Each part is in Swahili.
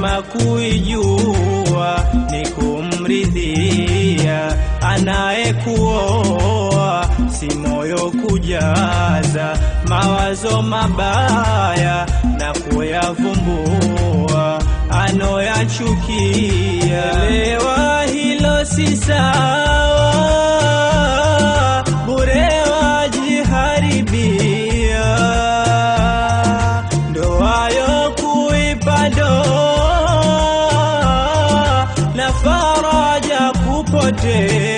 Vyema kuijua ni kumridhia anayekuoa, si moyo kujaza mawazo mabaya na kuyavumbua anoyachukia. Lewa hilo si sawa मुझे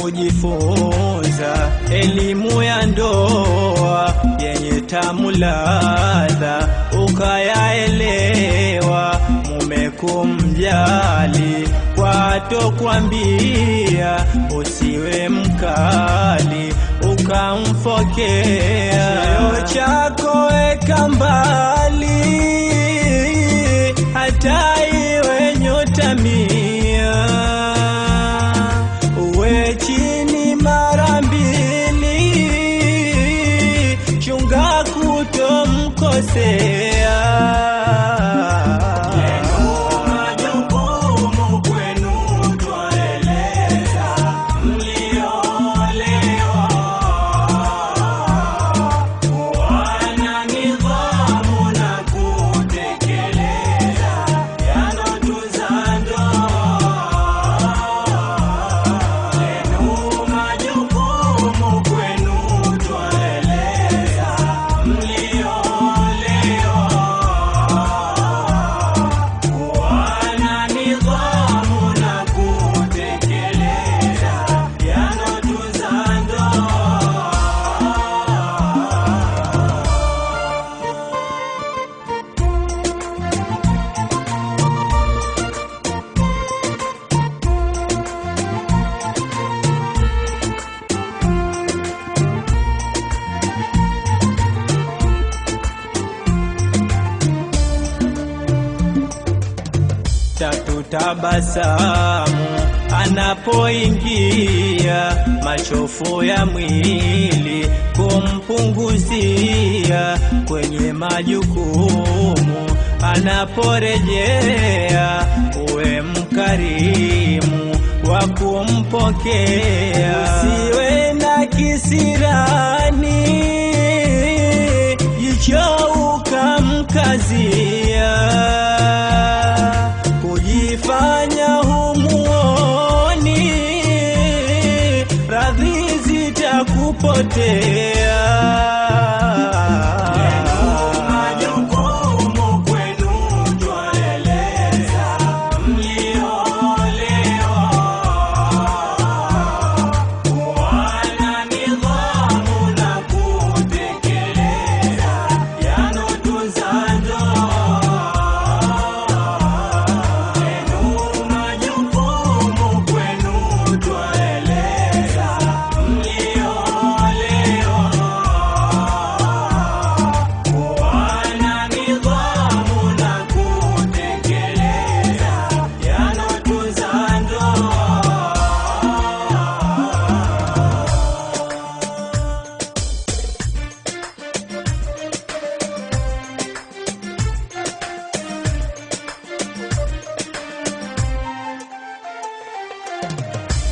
kujifunza elimu ya ndoa yenye tamuladha ukayaelewa mume kumjali, kwatokwambia usiwe mkali, ukamfokea. Cheo chako weka mbali hata say kutabasamu anapoingia, machofu ya mwili kumpunguzia kwenye majukumu, anaporejea uwe mkarimu wa kumpokea, usiwe na kisirani, jicho ukamkazia akifanya humuoni, radhi zitakupotea.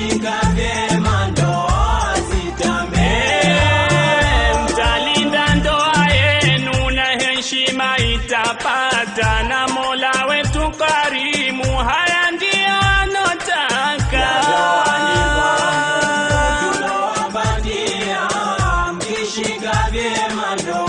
mtashika vyema ndoa zitamea, mtalinda ndoa yenu na heshima itapata, na Mola wetu karimu, haya ndiyo anotaka. Mkishika vyema ndoa